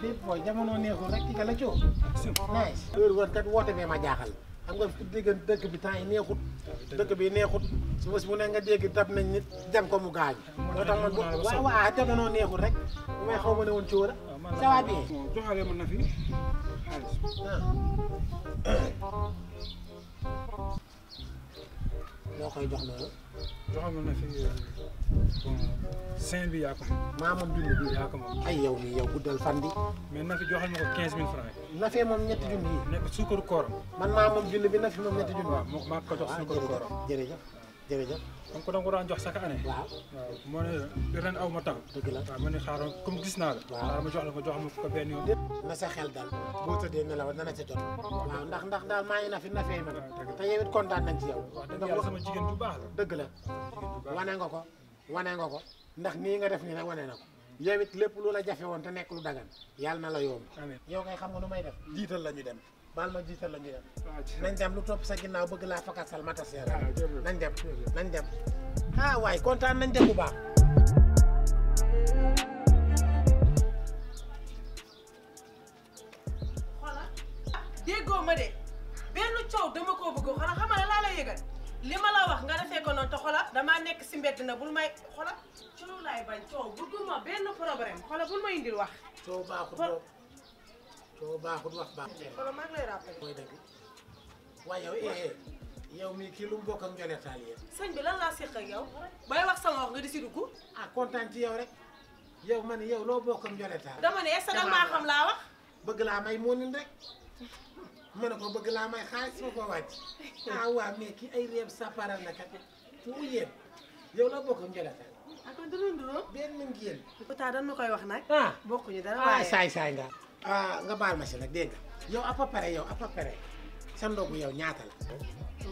bi booy jamono neexul rek ci gala coow. nice heure woon kat woote bee ma jaaxal xam nga diggante dëkk bi temps yi neexut. dëkk bi neexut su si bu ne nga dégg dab nañ nit jam ko mu gaañ. moo tax man waaw waaw ah, jamono rek bu may xaw ma ne woon ci wër ça va bien. na fi loo koy jox loolu. joxoon na fi euh, bon cinq bi yaa ko maa moom junni bi yaa ko moom. ay yow nii yow guddal fan bi. mais na jox joxal ma ko quinze mille francs. na moom ñetti junni yi. nekk suukaru man naa moom junni bi na fi moom ñetti junni. waaw maa ko jox suukaru kooram jërëjëf. jërëjëf comme que da nga ko daan jox chaque année. waaw waaw moo ne ren aw ma taw. dëgg la waaw ma ne xaaral comme gis naa la. waaw ma jox la ko jox ma ko benn yoon. na sa xel daal boo tëddee nelaw dana ca jot. waaw ndax ndax daal maa ngi na fi na fee te yow it kontaan nañ ci yow. wax dëgg yàlla sama jigéen bu baax la. dëgg la wane nga ko wane nga ko ndax nii nga def nii nag wane na ko. yow lépp lu la jafe woon te nekk lu dagan yàlla na la yomb. amiin yow kay xam nga nu may def jiital la ñu dem baal ma jiital la ñu dem. Ah, nañ dem lu topp sa ginnaaw bëgg laa fakasal ma tas yàlla. Ah, nañ dem nañ dem. ah waay kontaan nañ dem bu baax. xoolal ah, déggoo de benn coow dama koo bëgg xoolal xam nga laa lay yëgal li ma la wax nga defee ko noonu te xoolal damaa nekk si mbedd na bul may xoolal coow laay bañ coow bëgguma benn problème xoolal bul ma indil wax. coow baaxul soo baaxul wax baax. loolu maa ngi lay rappelé. mooy dëgg waaye yow eh, eh, yow mii kii lu mu bokk ak njoletaal bi lan laa séq ak yow bay wax sama wax nga di si dugg. ah kontaan ci rek yow man yow loo bokk ak njoletaal. dama ne est laa wax. bëgg laa may moonin rek mën na ko bëgg laa may xaalis ma ko wàcc ah waa bokk ak njoletaal. ah, ah wax ah bokkuñu dara ah, waaye saay saay nga. ah nga baal ma si nag dégg nga yow à peu près yow à peu près sa ndogu yow ñaata la.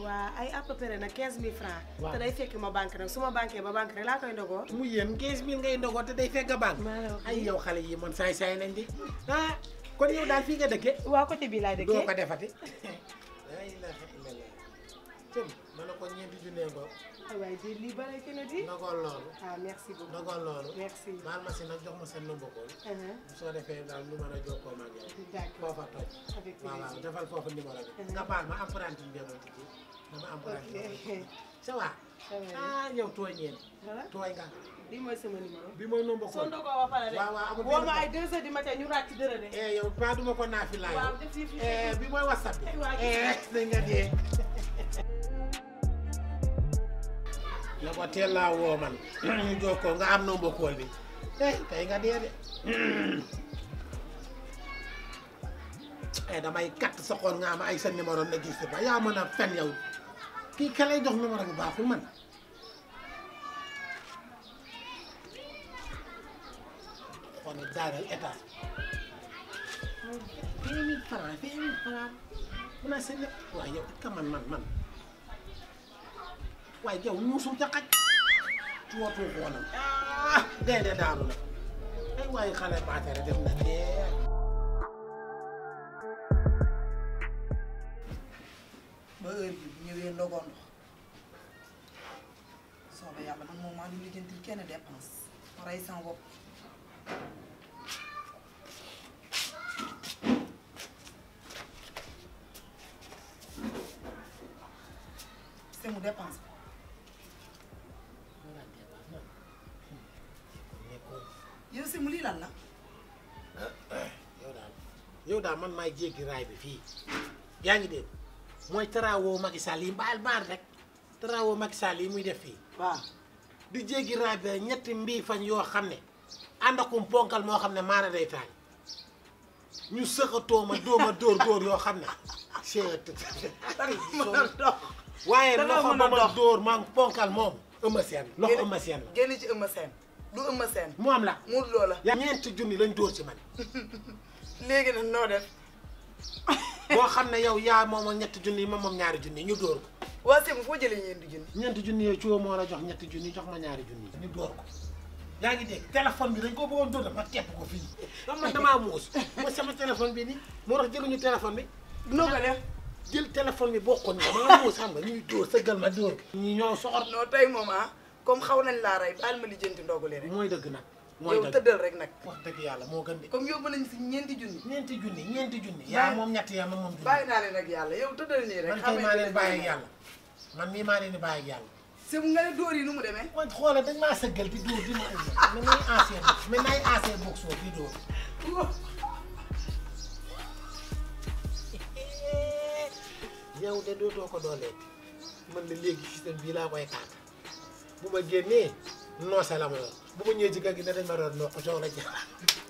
waa ay à peu près nag 15000 francs. waaw te day fekk ma banque na su ma banquee ba banque rek laa koy ndogoo. mu yéen 15000 ngay ndogoo te day fekk nga banque. ay yow xale yi man saay saay nañ di ah kon yow daal fii nga dëkkee. waaw côté bii laa dëkkee doo ko defati. ñeenti junne ngoog waaye di lii bare di ndogal ah merci beaucoup ndogal loolu merci baal uh-huh. uh-huh. ma si nag jox ma sa nëmba koon bu soo defee daal lu mën a jokkoo maag yow foofa toj voilà defal foofu numéro bi nga baal ma ah yow tooñeen tooñ nga bi mooy sama numéro bi mooy nomba ko soo ndogoo ba pare rek waaw waaw amul woo ma ay 2 heures du matin ñu eh yow eh, whatsapp eh nga ne ko teel laa woo man ñu nga am nomba kool bi eh tey nga dee de ay eh, damay katt soxoon nga am ay sa numéro na gis ba yaa mën a fen yow kii ka lay jox numéro bu baaxul man xool jaagal état a seen lépp waaye yow ka man man man waaye yow muusul ca ci watu xoolal ah gaynde daaru la ay waaye xale baatere def na teel. ba heure bi bu ñëwee ndogoon soobee yàlla man moom maa ngi lijjantil kenn dépense ma rey sama simu lii lan la. yow daal man maay jéggi raay bi fii yaa ngi dégg mooy taraawoo Macky Sall yi mbaal baal rek taraawoo Macky yi muy def fii. waaw di jéggi raay bi ñetti mbii fañ yoo xam ne ànd akum ponkal moo xam ne maara day taañ ñu sëqatoo ma dóoma dóor dóor yoo xam ne. waaye loxo ma dóor maa ponkal moom. ëmma seen loxo ëmma seen la du ma seen. moom la Modou Lo la. yaa ñeenti junni lañ dóor ci man. léegi na noo def. boo xam ne yow yaa moomoon ñetti junni yi ma moom ñaari junni ñu dóor ko. waa Sèye foo jëlee ñeenti junni. ñeenti junni yooyu ci moo la jox ñetti junni jox ma ñaari junni ñu dóor ko. yaa ngi dégg téléphone bi dañ ko bëggoon dóor ma tepp ko fii. xam nga damaa muus. sama téléphone bi nii. moo tax jëluñu téléphone bi. noo ko def. jël bi bokkoon na ma muus xam nga ñuy dóor sa gal ma dóor. ñi ñoo soxor. non tey moom ah. comme xaw na nañ laa rey baal ma lijjanti ndogalee rek. mooy dëgg nag mooy dëgg tëddal rek nag. wax dëgg yàlla moo gën de. comme yóbbu nañ si ñeenti junni. ñeenti junni ñeenti junni. yaa moom ñetti yaa man moom junni. bàyyi naa yàlla yow tëddal nii rek. xam nga bàyyi yàlla man mii maa leen di bàyyi ak yàlla. sëñ nga ne dóor yi nu mu demee. man xoolal dañ maa sëggal di dóor di ma indi. mais nay ancien mais nay ancien boxeur ko dooleeti man de léegi système bii laa koy kaat bu ma génnee noose la ma yor bu ma ñëwee ci kër gi danañ ma doon noo ko coow rek